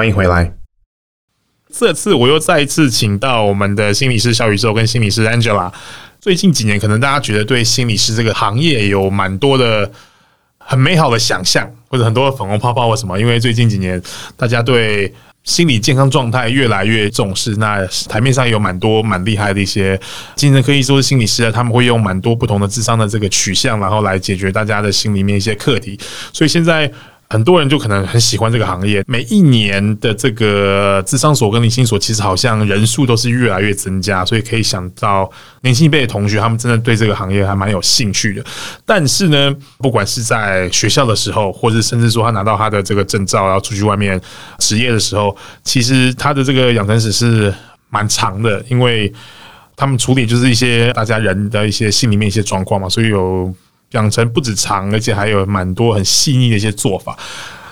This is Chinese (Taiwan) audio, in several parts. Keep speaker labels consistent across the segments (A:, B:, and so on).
A: 歡迎回來！這次我又再一次請到我們的心理師小宇宙跟心理師 Angela。最近幾年，可能大家覺得對心理師這個行業有蠻多的很美好的想象，或者很多的粉紅泡泡或什麼。因為最近幾年，大家對心理健康狀態越來越重視，那台面上有蠻多蠻厲害的一些精神科醫生、心理師啊，他們會用蠻多不同的諮商的這個取向，然後來解決大家的心裡面一些課題。所以現在。很多人就可能很喜歡這個行業。每一年的這個諮商所跟臨心所，其實好像人數都是越來越增加，所以可以想到年輕一輩的同學，他們真的對這個行業還蠻有興趣的。但是呢，不管是在學校的時候，或者甚至說他拿到他的這個證照，然後出去外面執業的時候，其實他的這個養成史是蠻長的，因為他們處理就是一些大家人的一些心裡面一些狀況嘛，所以有。養成不止長，而且還有蠻多很細膩的一些做法。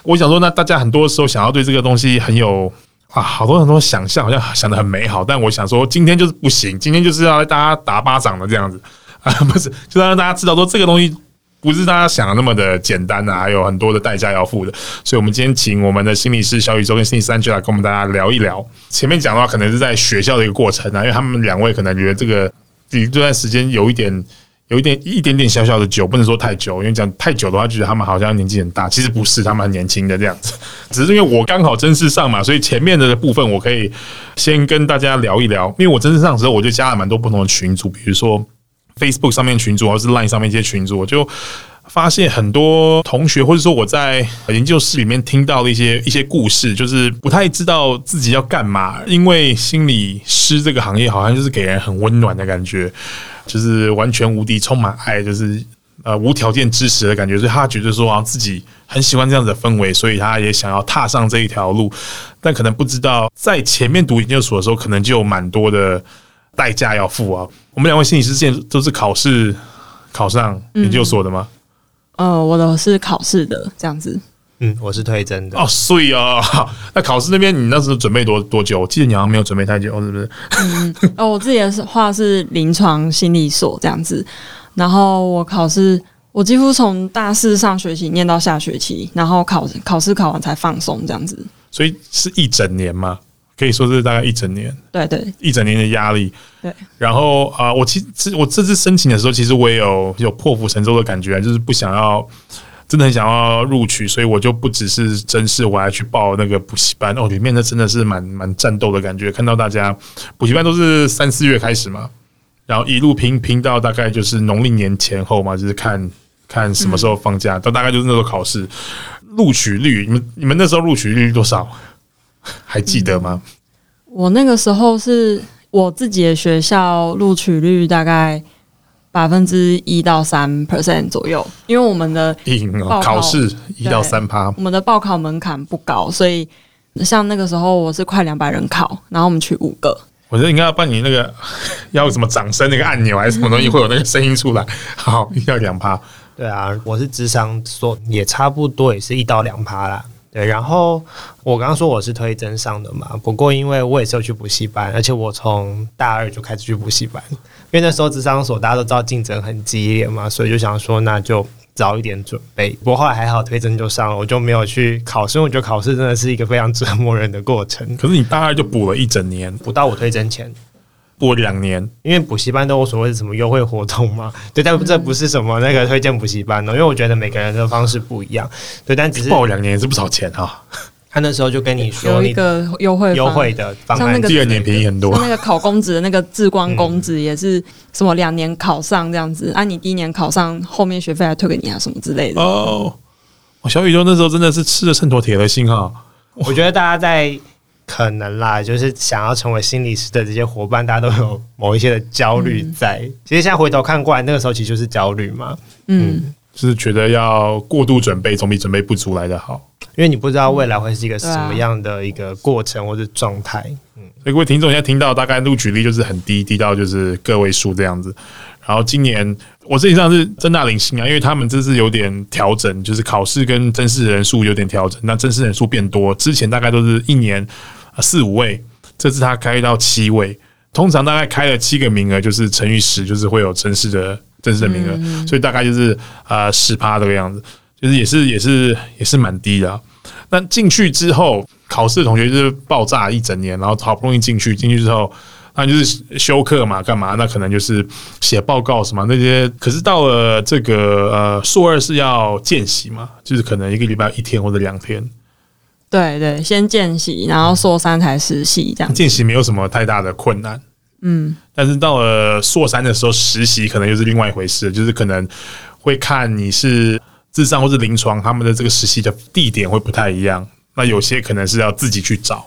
A: 我想說，那大家很多時候想要對這個東西很有啊，好多很多想象，好像想得很美好。但我想說，今天就是不行，今天就是要來大家打巴掌的這樣子啊，不是，就讓大家知道說這個東西不是大家想的那麼的簡單啊，還有很多的代價要付的。所以我們今天請我們的心理師小宇宙跟心理師 Angela 來跟我們大家聊一聊。前面講的話，可能是在學校的一個過程啊，因為他們兩位可能覺得這個，比這段時間有一點。有一點一點點小小的久，不能說太久，因為講太久的話，覺得他們好像年紀很大，其實不是，他們很年輕的這樣子。只是因為我剛好正式上嘛，所以前面的部分我可以先跟大家聊一聊。因為我正式上的時候，我就加了蠻多不同的群組，比如說 Facebook 上面群組，或是 Line 上面一些群組，我就發現很多同學，或者說我在研究室裡面聽到的一些一些故事，就是不太知道自己要幹嘛，因為心理師這個行業好像就是給人很溫暖的感覺。就是完全無敵、充滿愛，就是呃無條件支持的感覺。所以他覺得說啊，自己很喜歡這樣子的氛圍，所以他也想要踏上這一條路。但可能不知道，在前面讀研究所的時候，可能就有蠻多的代價要付啊。我們兩位心理師現在都是考試考上研究所的嗎？呃、嗯
B: 哦，我的是考試的這樣子。
A: 嗯，我是推甄的，oh, 哦，所以啊，那考試那邊你那時候準備多多久？我記得你好像沒有準備太久，是不是？ 嗯哦，
B: 我自己的話是臨床心理所這樣子，然後我考試，我幾乎從大四上學期念到下學期，然後考考試考完才放鬆這樣子。
A: 所以是一整年嘛，可以說是大概一整年。對對，對，一整年的壓力。對，然後啊，呃，我其實我這次申請的時候，其實我也有也有破釜沉舟的感覺，就是不想要。真的很想要錄取，所以我就不只是甄試，我還去報那個補習班哦。裡面那真的是蠻蠻戰鬥的感覺，看到大家補習班都是三四月開始嘛，然後一路拼拼到大概就是農曆年前後嘛，就是看看什麼時候放假，到、嗯、大概就是那時候考試錄取率。你們你們那時候錄取率多少？還記得嗎、嗯？
B: 我那個時候是我自己的學校錄取率大概。百分之一到三 percent 左右，因為我們的
A: 考試一到三趴，我
B: 們的報考門檻不高，所以像那個時候我是快兩百人考，然後我們取五個。
A: 我覺得應該要辦理那個要什麼掌聲那個按鈕還是什麼東西會有那個聲音出來，嗯、好，一到兩趴。
C: 對啊，我是諮商說也差不多，也是一到兩趴啦。對，然後我剛剛說我是推甄上的嘛，不過因為我也是有去補習班，而且我從大二就開始去補習班，因為那時候諮商所大家都知道競爭很激烈嘛，所以就想說那就早一點準備。不過後來還好推甄就上了，我就沒有去考試，因為我覺得考試真的是一個非常折磨人的過程。可是你大二就補
A: 了一整年，
C: 補到我推甄前？補兩年，因為補習班都有所謂的什麼優惠活動嘛，對，但這不是什麼那個推薦補習班的、喔，因為我覺得每個人的方式不一樣，對，但其實報兩年也是不少錢哈。他那時候就跟你說你、嗯、有一
B: 個優惠優惠的，
C: 像第、那、二、個、年便宜很多，那個
B: 考公職的那個志光公職也是什麼兩年考上這樣子，啊，你第一年考上，後面學費還退給你啊，什麼之類的
A: 哦。小宇宙那時候真的是吃了秤砣鐵了心
B: 哈，
C: 我覺得大家在。可能啦，就是想要成為心理師的這些夥伴，大家都有某一些的焦慮在、嗯。其實現在回頭看過來，那個時候其實就是焦慮嘛嗯。嗯，就
A: 是覺得要過度準備總比準備不足來得好，
C: 因為你不知道未來會是一個什麼樣的一個過程或者狀態。嗯、
A: 啊，所以各位聽眾現在聽到的大概錄取率就是很低，低到就是個位數這樣子。然後今年我實際上是政大臨心啊，因為他們這次有點調整，就是考試跟甄試人數有點調整，那甄試人數變多，之前大概都是一年，四五位，這次他開到七位。通常大概開了七個名額，就是乘以十，就是會有城市的正式的名額，嗯，所以大概就是呃十趴這個樣子，就是也是也是也是蠻低的，啊。那進去之後，考試的同學就是爆炸一整年，然後好不容易進去，進去之後那就是修課嘛，幹嘛？那可能就是寫報告什麼那些。可是到了這個呃，碩二是要見習嘛，就是可能一個禮拜一天或者兩天。
B: 對對，先見習，然後碩三才實習，這樣。
A: 見習沒有什麼太大的困難，嗯。但是到了碩三的時候，實習可能又是另外一回事，就是可能會看你是諮商或是臨床，他們的這個實習的地點會不太一樣。那有些可能是要自己去找。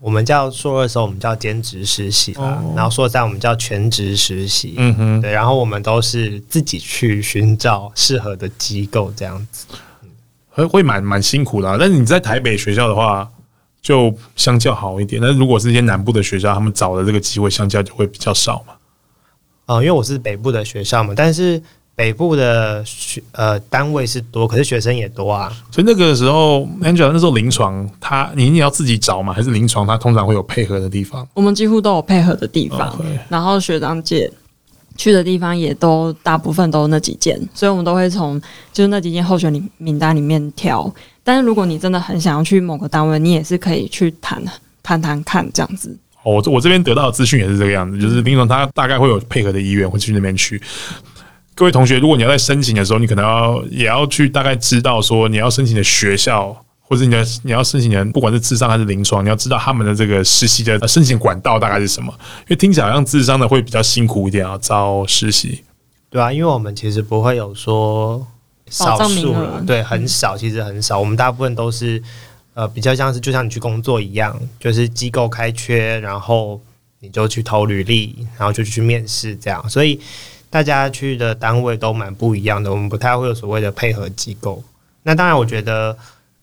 C: 我們叫碩二的時候，我們叫兼職實習啊，哦，然後碩三我們叫全職實習啊，嗯哼。對，然後我們都是自己去尋找適合
A: 的機構，這樣子。會會蠻蠻辛苦的、啊，但是你在台北學校的話，就相較好一點。那如果是一些南部的學校，他們找的這個機會相較就會比較少嘛。
C: 啊、呃，因為我是北部的學校嘛，但是北部的學
A: 呃單位是多，可是學生也多啊。所以那個時候，Angel 那時候臨床，他你你要自己找嘛，還是臨床他通常會有配合的地方？
B: 我們幾乎都有配合的地方，哦、然後學長姐。去的地方也都大部分都那幾間，所以我們都會從就是那幾間候選名名單裡面挑。但是如果你真的很想要去某個單位，你也是可以去談，談談看這樣子。
A: 哦，我我這邊得到的資訊也是這個樣子，就是臨床他大概會有配合的醫院，會去那邊去。各位同學，如果你要在申請的時候，你可能要也要去大概知道說你要申請的學校，或者你要你要申請人，不管是諮商還是臨床，你要知道他們的這個實習的申請管道大概是什麼。因為聽起來好像諮商的會比較辛苦一點啊，招實習，
C: 對啊。因為我們其實不會有說少數，對，很少，其實很少。我們大部分都是呃，比較像是就像你去工作一樣，就是機構開缺，然後你就去投履歷，然後就去面試這樣。所以大家去的單位都蠻不一樣的。我們不太會有所謂的配合機構。那當然，我覺得。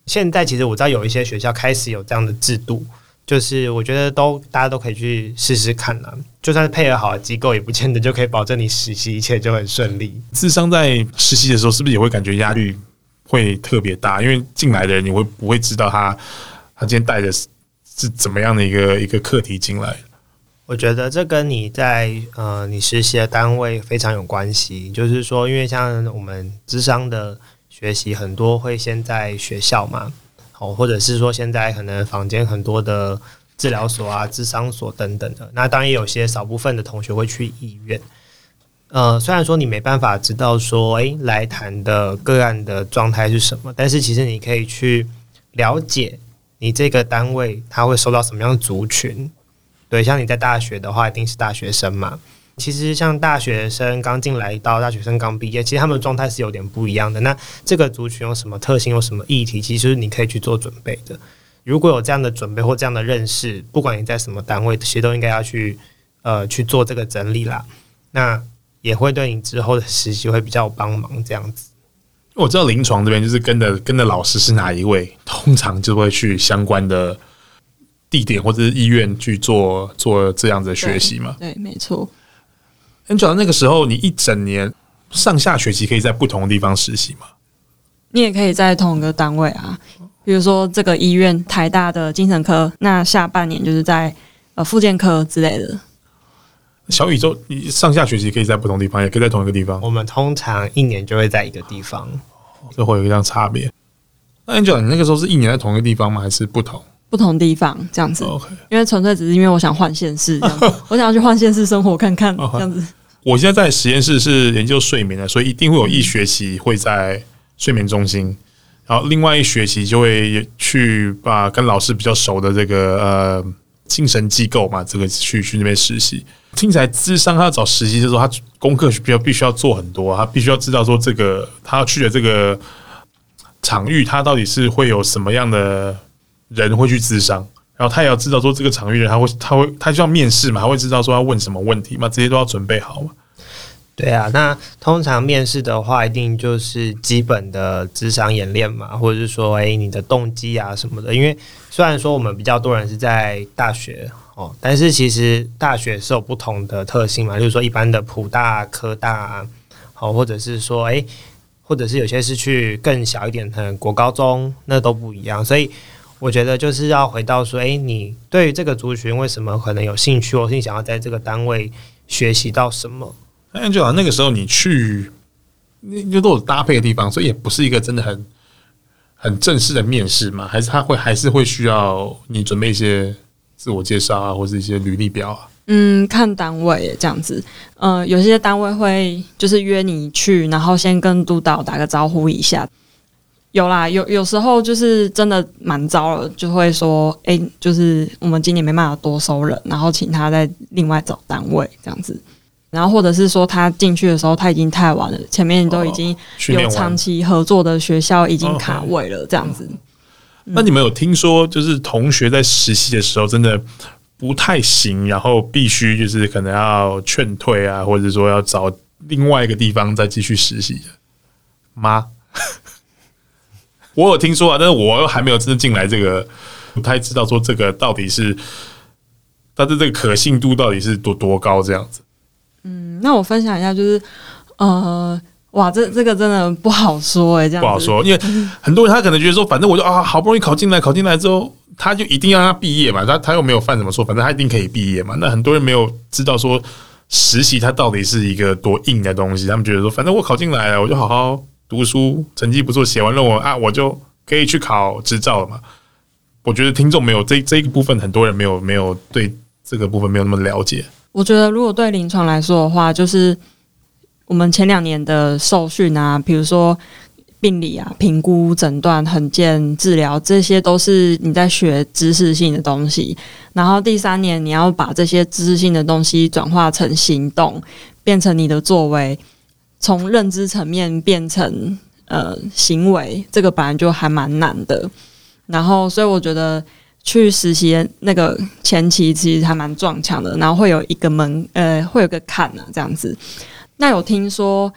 C: 現在其實我知道有一些學校開始有這樣的制度，就是我覺得都大家都可以去試試看了。就算是配合好的機構，也不見得就可以保證你實習一切就很順利。
A: 諮商在實習的時候是不是也會感覺壓力會特別大？因為進來的人你會不會知道他他今天帶的是怎麼樣的一個一個課題進來？
C: 我覺得這跟你在呃你實習的單位非常有關係。就是說，因為像我們諮商的。實習很多會先在學校嘛，哦，或者是說現在可能坊間很多的治療所啊、諮商所等等的，那當然也有些少部分的同學會去醫院。呃，雖然說你沒辦法知道說，哎、欸，來談的個案的狀態是什麼，但是其實你可以去了解你這個單位它會收到什麼樣的族群。對，像你在大學的話，一定是大學生嘛。其實像大學生剛進來到大學生剛畢業，其實他們的狀態是有點不一樣的。那這個族群有什麼特性，有什麼議題，其實你可以去做準備的。如果有這樣的準備或這樣的認識，不管你在什麼單位，其實都應該要去呃去做這個整理啦。那也會對你之後的實習會比較有幫忙。這樣子，
A: 我知道臨床這邊就是跟的跟的老師是哪一位，通常就會去相關的地點或者是醫院去做做這樣子的學習嘛。
B: 對，對，沒錯。
A: Angel，那個時候你一整年上下學期可以在不同的地方實習嗎？
B: 你也可以在同一個單位啊，比如說這個醫院台大的精神科，那下半年就是在呃復健科之類的。
A: 小宇宙，你上下學期可以在不同地方，也可以在同一個地方。我們通常一年就會在一個地方，這會有一樣差別。那 Angel，你那個時候是一年在同一個地方嗎？還是不同？
B: 不同地方這樣子，因為純粹只是因為我想換縣市，我想要去換縣市生活看看，這樣子 。
A: 我現在在實驗室是研究睡眠的，所以一定會有一學期會在睡眠中心，然後另外一學期就會去把跟老師比較熟的這個呃精神機構嘛，這個去去那邊實習。聽起來諮商，他要找實習，就是說他功課比較必須要做很多，他必須要知道說這個他要去的這個場域，他到底是會有什麼樣的人會去諮商，然後他也要知道說這個場域人，他會，他會，他就要面試嘛，他會知道說要問什麼問題嘛，這些都要準備好嘛。
C: 對啊，那通常面試的話，一定就是基本的諮商演練嘛，或者是說，誒、欸、你的動機啊什麼的。因為雖然說我們比較多人是在大學哦，但是其實大學是有不同的特性嘛，就是說一般的普大、科大、啊，好，或者是說，哎、欸，或者是有些是去更小一點，的國高中，那都不一樣，所以。我覺得就是要回到說，哎、欸，你對於這個族群為什麼可能有興趣，或是你想要在這個單位
A: 學習到什麼？哎，就好像，那個時候你去，那都有搭配的地方，所以也不是一個真的很很正式的面試嘛？還是他會還是會需要你準備一些自我介紹啊，或是一些履歷表啊？
B: 嗯，看單位這樣子，呃，有些單位會就是約你去，然後先跟督導打個招呼一下。有啦，有有時候就是真的蠻糟了，就會說，哎、欸，就是我們今年沒辦法多收人，然後請他再另外找單位這樣子，然後或者是說他進去的時候他已經太晚了，前面都已經有長期合作的學校已經卡位了這樣子。
A: 哦嗯、那你們有聽說，就是同學在實習的時候真的不太行，然後必須就是可能要勸退啊，或者說要找另外一個地方再繼續實習嗎？我有聽說啊，但是我又還沒有真的進來，這個不太知道說這個到底是，他的這個可信度到底是多多高這樣子。嗯，
B: 那我分享一下，就是呃，哇，這這個真的不好說哎、欸，這樣子不好說，因為
A: 很多人他可能覺得說，反正我就啊，好不容易考進來，考進來之後，他就一定要他畢業嘛，他他又沒有犯什麼錯，反正他一定可以畢業嘛。那很多人沒有知道說實習他到底是一個多硬的東西，他們覺得說，反正我考進來了，我就好好。讀書成績不錯，寫完論文啊，我就可以去考執照了嘛。我覺得聽眾沒有這這一個部分，很多人沒有沒有對這個部分沒有那麼了解。
B: 我覺得如果對臨床來說的話，就是我們前兩年的受訓啊，比如說病理啊、評估、診斷、衡鑑治療，這些都是你在學知識性的東西。然後第三年，你要把這些知識性的東西轉化成行動，變成你的作為。從認知層面變成呃行為，這個本來就還蠻難的。然後，所以我覺得去實習那個前期其實還蠻撞牆的，然後會有一個門呃，會有個坎啊。這樣子。那有聽說，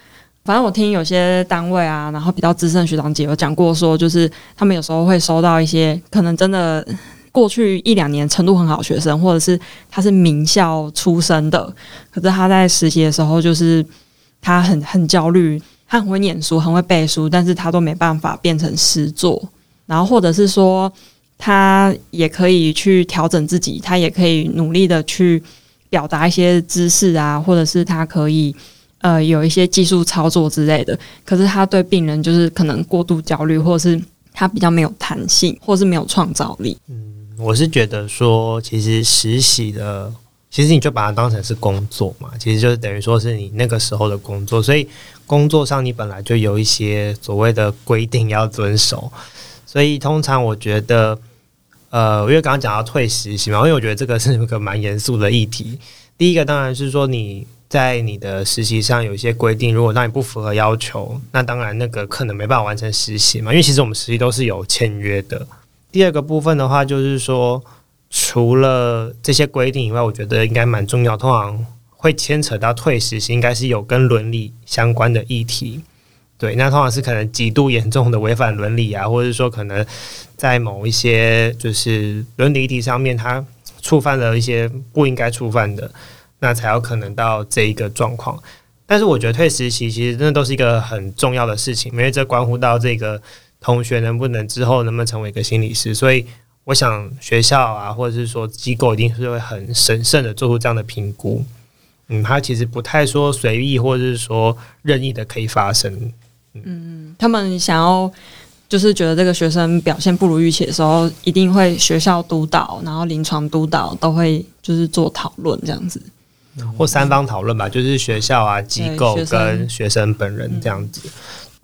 B: 反正我聽有些單位啊，然後比較資深的學長姐有講過說，就是他們有時候會收到一些可能真的過去一兩年程度很好學生，或者是他是名校出身的，可是他在實習的時候就是。他很很焦慮，他很會念書，很會背書，但是，他都沒辦法變成實作。然後或者是說，他也可以去調整自己，他也可以努力的去表達一些知識啊，或者是他可以呃有一些技術操作之類的。可是他對病人就是可能過度焦慮，或者是他比較沒有彈性，或者是沒有創造力。
C: 嗯，我是覺得說，其實實習的。其實你就把它當成是工作嘛，其實就是等於說是你那個時候的工作，所以工作上你本來就有一些所謂的規定要遵守，所以通常我覺得，呃，因為剛剛講到退實習嘛，因為我覺得這個是一個蠻嚴肅的議題。第一個當然是說你在你的實習上有一些規定，如果讓你不符合要求，那當然那個可能沒辦法完成實習嘛，因為其實我們實習都是有簽約的。第二個部分的話就是說。除了這些規定以外，我覺得應該蠻重要。通常會牽扯到退實習，應該是有跟倫理相關的議題。對，那通常是可能極度嚴重的違反倫理啊，或者說可能在某一些就是倫理議題上面，他觸犯了一些不應該觸犯的，那才有可能到這一個狀況。但是我覺得退實習其實真的都是一個很重要的事情，因為這關乎到這個同學能不能之後能不能成為一個心理師，所以。我想學校啊，或者是說機構，一定是會很審慎的做出這樣的評估。嗯，他其實不太說隨意，或者是說任意的可以發生、嗯。
B: 嗯，他們想要就是覺得這個學生表現不如預期的時候，一定會學校督導，然後臨床督導都會就是做討論這樣子，嗯、
C: 或三方討論吧，就是學校啊機構跟學生本人這樣子，嗯、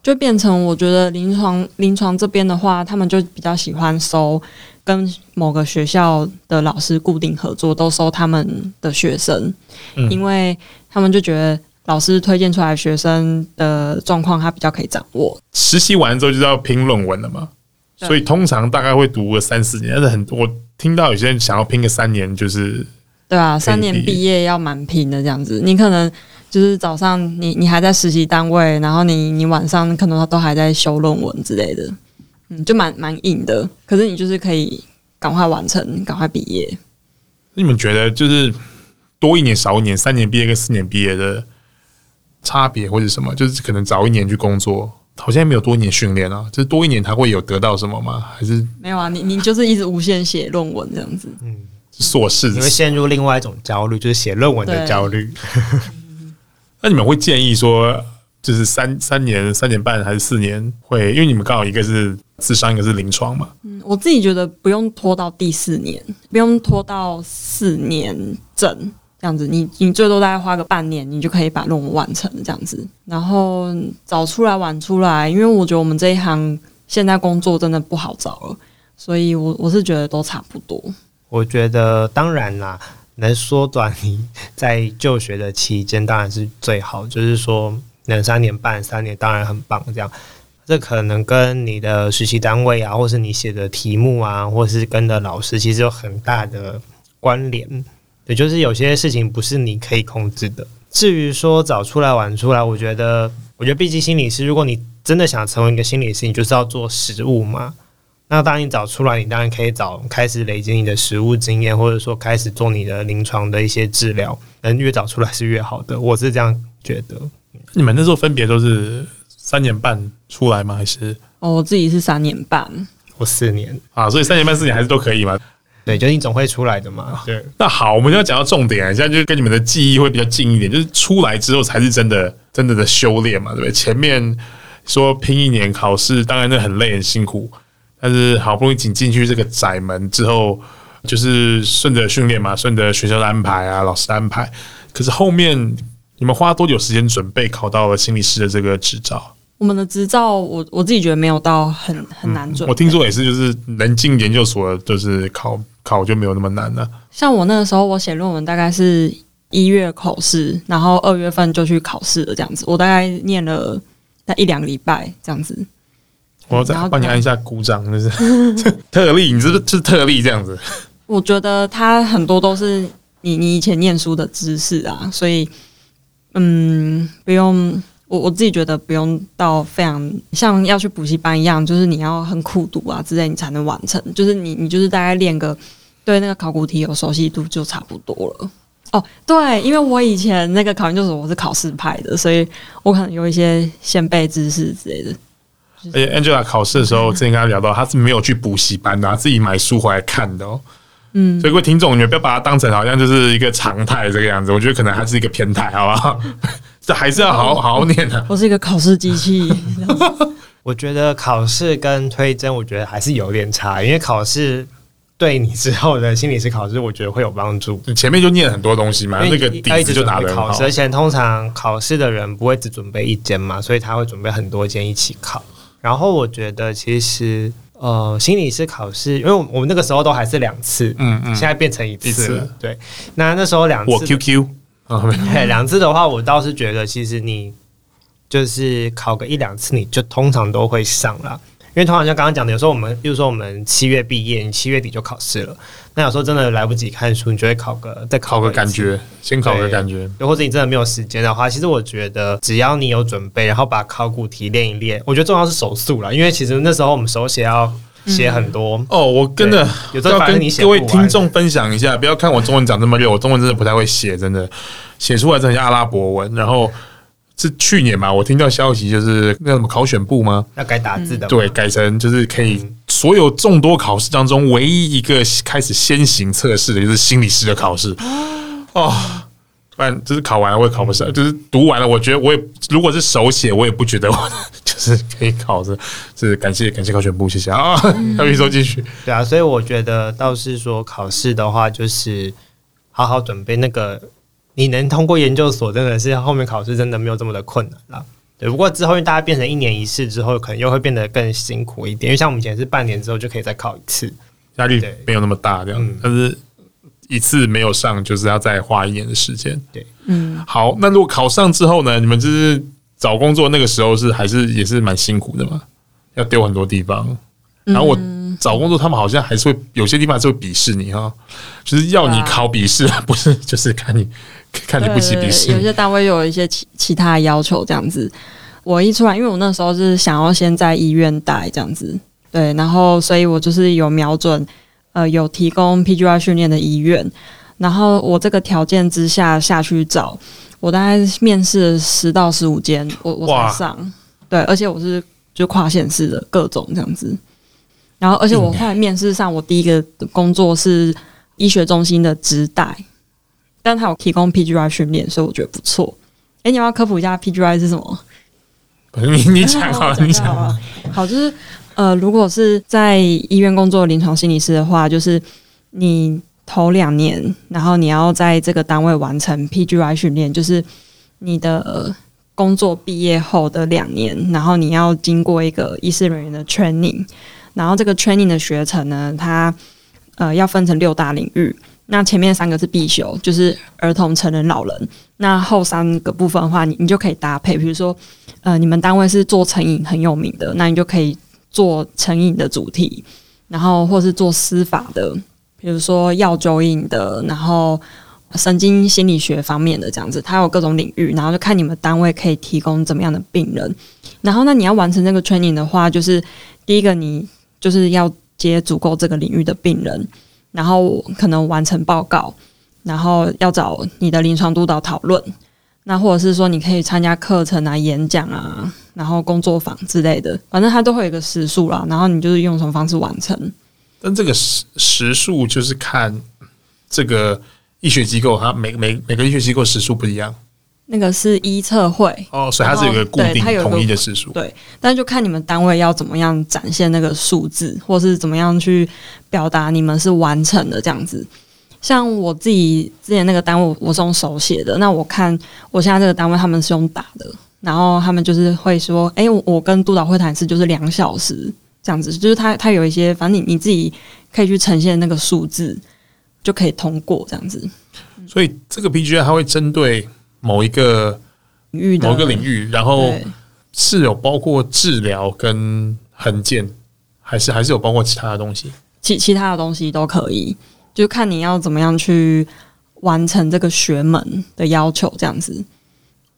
B: 就變成我覺得臨床臨床這邊的話，他們就比較喜歡收。跟某個學校的老師固定合作，都收他們的學生，嗯、因為他們就覺得老師推薦出來學生的狀況，他比較可以掌握。
A: 實習完之後就是要拼論文了嘛，所以通常大概會讀個三四年，但是很多我聽到有些人想要拼個三年，就是
B: 對啊，三年畢業要蠻拼的這樣子。你可能就是早上你你還在實習單位，然後你你晚上可能他都還在修論文之類的。就蠻蠻硬的，可是你就是可以趕快完成，趕快畢業。
A: 你們覺得就是多一年少一年，三年畢業跟四年畢業的差別會是什麼？就是可能早一年去工作，好像沒有多一年訓練啊，就是多一年他會有得到什麼嗎？還是
B: 沒有啊？你你就是一直無限寫論文這樣子。
A: 嗯，碩士你會陷入另外一種焦慮，就是寫論文的焦慮。 那你們會建議說？就是三三年、三年半還是四年會？會，因為你們剛好一個是諮商，一個是臨床嘛。嗯，
B: 我自己覺得不用拖到第四年，不用拖到四年整這樣子。你你最多大概花個半年，你就可以把論文完成這樣子。然後早出來晚出來，因為我覺得我們這一行現在工作真的不好找了，所以我我是覺得都差不多。
C: 我覺得當然啦，能縮短你在就學的期間當然是最好。就是說。兩三年半、三年當然很棒，這樣這可能跟你的實習單位啊，或是你寫的題目啊，或是跟的老師，其實有很大的關聯。對，就是有些事情不是你可以控制的。至於說早出來晚出來，我覺得，我覺得畢竟心理師，如果你真的想成為一個心理師，你就是要做實務嘛。那當你早出來，你當然可以早開始累積你的實務經驗，或者說開始做你的臨床的一些治療。能越早出來是
A: 越好的，我是這樣覺得。你們那時候分別都是三年半出來嗎？還是
B: 哦，我自己是三年半，
A: 我四年啊，所以三年半四年還是都可以嘛？對，就是你總會出來的嘛。對，那好，我們就要講到重點啊，現在就是跟你們的記憶會比較近一點，就是出來之後才是真的、真的的修煉嘛，對不對？前面說拼一年考試，當然那很累很辛苦，但是好不容易擠進去這個窄門之後，就是順着訓練嘛，順着學校的安排啊，老師的安排，可是後面。你們花了多久時間準備考到了心理師的這個執照？
B: 我們的執照，我我自己覺得沒有到很很難準備。嗯，我聽說也
A: 是，就是能進研究所，就是考考就沒有那麼難了
B: 啊。像我那個時候，我寫論文大概是一月考試，然後二月份就去考試了，這樣子。我大概念了那一兩個禮拜這樣子。
A: 我要再幫你按一下鼓掌，就是 特例，你是不是，是特例這樣子？
B: 我覺得他很多都是你你以前念書的知識啊，所以。嗯，不用。我我自己覺得不用到非常像要去補習班一樣，就是你要很苦讀啊之類，你才能完成。就是你你就是大概練個對那個考古題有熟悉度就差不多了。哦，對，因為我以前那個考研就是我是考試派的，所以我可能有一些先備知識之類的。
A: 而、就是欸、Angela 考試的時候，嗯、之前跟她聊到，她是沒有去補習班的，自己買書回來看的。哦。嗯，所以各位聽眾，你們不要把它當成好像就是一個常態這個樣子。我覺得可能它是一個偏態，好不好？這還是要好好好念的，啊。
B: 我是一個考試機器。
C: 我覺得考試跟推甄我覺得還是有點差，因為考試對你之後的心理師考試，我覺得會有幫助。
A: 你前面就念了很多東西嘛，那個底子就拿的。而
C: 且通常考試的人不會只準備一間嘛，所以他會準備很多間一起考。然後我覺得其實。呃，心理師考試，因為我們那個時候都還是兩次，嗯嗯，現在變成一次，一次，對。那那時候兩次，我 QQ，對，兩次的話，我倒是覺得其實你就是考個一兩次，你就通常都會上了。因為同樣，像剛剛講的，有時候我們，比如說我們七月畢業，七月底就考試了。那有時候真的來不及看書，你就會考個，再考個，考個感覺，先考個感覺。又或者你真的沒有時間的話，其實我覺得只要你有準備，然後把考古題練一練，我覺得重要是手速啦。因為其實那時候我們手寫要寫很多、嗯。哦，我跟着，有要跟你各位聽
A: 眾分享一下，不要看我中文講這麼溜，我中文真的不太會寫，真的寫出來真的像阿拉伯文，然後。是去年嘛？我聽到消息就是那什麼考選部嗎？
C: 要改打字的、嗯，對，
A: 改成就是可以所有眾多考試當中唯一一個開始先行測試的就是心理師的考試。哦，不然就是考完了我也考不上、嗯，就是讀完了我覺得我也如果是手寫我也不覺得我就是可以考的。是，感謝感謝考選部，謝謝啊，要、嗯、不說繼續對啊，所以我覺得倒是
C: 說考試的話就是好好準備那個。你能通過研究所，真的是後面考試真的沒有這麼的困難了，啊。對，不過之後因為大家變成一年一次之後，可能又會變得更辛苦一點。因為像我們以前是半年之後就可以再考一次，
A: 壓力沒有那麼大。這樣，嗯，但是一次沒有上，就是要再花一年的時間。對，嗯。好，那如果考上之後呢？你們就是找工作那個時候是還是也是蠻辛苦的嘛，要丟很多地方。然後我。找工作，他們好像還是會有些地方是會筆試你哈，哦，就是要你考筆試，啊，不是就是看你看你不習，筆試。有些
B: 單位有一些其其他要求這樣子。我一出來，因為我那時候是想要先在醫院待這樣子，對，然後所以我就是有瞄準，呃，有提供 PGY 訓練的醫院，然後我這個條件之下下去找，我大概面試了十到十五間，我我才上，對，而且我是就跨縣市的各種這樣子。然後，而且我後來面試上，我第一個工作是醫學中心的職代，但他有提供 PGY 訓練，所以我覺得不錯。哎，你要不要科普一下 PGY 是什麼？
A: 你你講啊，你講
B: 啊。好，就是呃，如果是在醫院工作臨床心理師的話，就是你頭兩年，然後你要在這個單位完成 PGY 訓練，就是你的工作畢業後的兩年，然後你要經過一個醫師人員的 training。然後這個 training 的學程呢，它呃要分成六大領域。那前面三個是必修，就是兒童、成人、老人。那後三個部分的話，你你就可以搭配，比如說呃，你們單位是做成癮很有名的，那你就可以做成癮的主題，然後或是做司法的，比如說藥酒癮的，然後神經心理學方面的這樣子。它有各種領域，然後就看你們單位可以提供怎麼樣的病人。然後呢，那你要完成這個 training 的話，就是第一個你。就是要接足夠這個領域的病人，然後可能完成報告，然後要找你的臨床督導討論。那或者是說，你可以參加課程啊、演講啊，然後工作坊之類的，反正它都會有個時數啦。然後你就是用什麼方式完成？
A: 但這個時時數就是看這個醫學機構，它每每每個醫學機構時數不一樣。
B: 那個是醫策會哦，所以它是有個固定、統一的時數，對。對，但是就看你們單位要怎麼樣展現那個數字，或是怎麼樣去表達你們是完成的這樣子。像我自己之前那個單位，我是用手寫的。那我看我現在這個單位他們是用打的，然後他們就是會說：“哎，我跟督導會談是就是兩小時這樣子。”就是他它，它有一些，反正你你自己可以去呈現那個數字就可以通過這樣子。
A: 所以這個 PGY 它會針對。某一，某一個領域，某個領域，然後是有包括治療跟衡鑑，還是還是有包括其他的東西？
B: 其其他的東西都可以，就看你要怎麼樣去完成這個學門的要求，這樣子。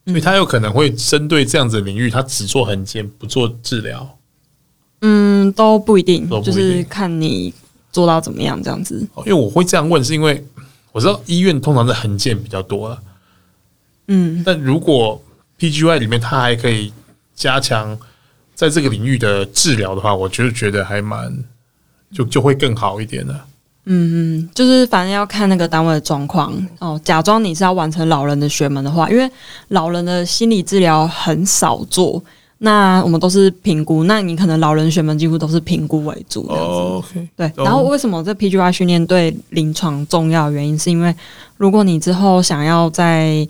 A: 因為他有可能會針對這樣子的領域，他只做衡鑑，不做治療。
B: 嗯都，都不一定，就是看你做到怎麼樣，這樣子。因為我
A: 會這樣問，是因為我知道醫院通常在衡鑑比較多了，啊。嗯，但如果 PGY 裡面它還可以加強在這個領域的治療的話，我就是覺得還蠻就就會更好一點了。
B: 嗯嗯，就是反正要看那個單位的狀況哦。假裝你是要完成老人的學門的話，因為老人的心理治療很少做，那我們都是評估。那你可能老人學門幾乎都是評估為主的。Oh, okay. 對。然後為什麼這 PGY 訓練對臨床重要的原因，是因為如果你之後想要在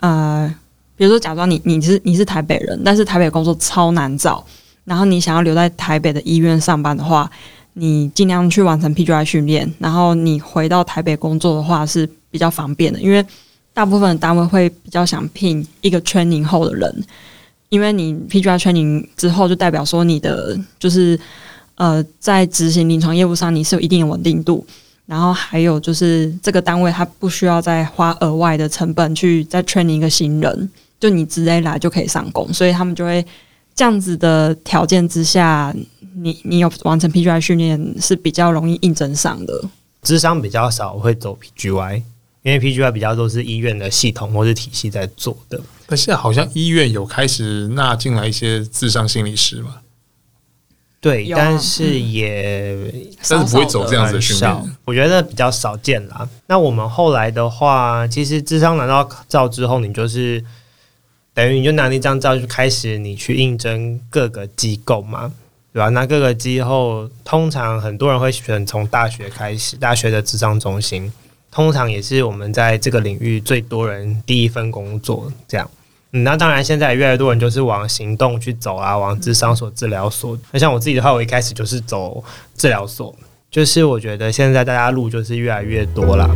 B: 呃，比如說假，假裝你你是你是台北人，但是台北工作超難找。然後你想要留在台北的醫院上班的話，你盡量去完成 PGY 訓練。然後你回到台北工作的話是比較方便的，因為大部分的單位會比較想聘一個 training 後的人，因為你 PGY training 之後就代表說你的就是呃，在執行臨床業務上你是有一定的穩定度。然後還有就是，這個單位它不需要再花額外的成本去再 train 一個新人，就你直接來就可以上工，所以他們就會這樣子的條件之下，你你有完成 PGY 訓練是比較容易應徵上的。
C: 諮商比較少會走 PGY，因為 PGY 比較多是醫院的系統或是體系在
A: 做的。可是好像醫院有開始納進來一些諮商心理師嗎？
C: 對、啊，但是
A: 也，嗯，但是不會走這樣的訓練，嗯，我覺
C: 得比較少見啦。 那我們後來的話，其實諮商拿到照之後，你就是等於你就拿那張照，就開始你去應徵各個機構嘛，對吧，啊？那各個機構通常很多人會選擇從大學開始，大學的諮商中心通常也是我們在這個領域最多人第一份工作這樣。嗯，那當然，現在越來越多人就是往行動去走啊，往諮商所、治療所。那像我自己的話，我一開始就是走治療所，就是我覺得現在大家路就是越來越多啦。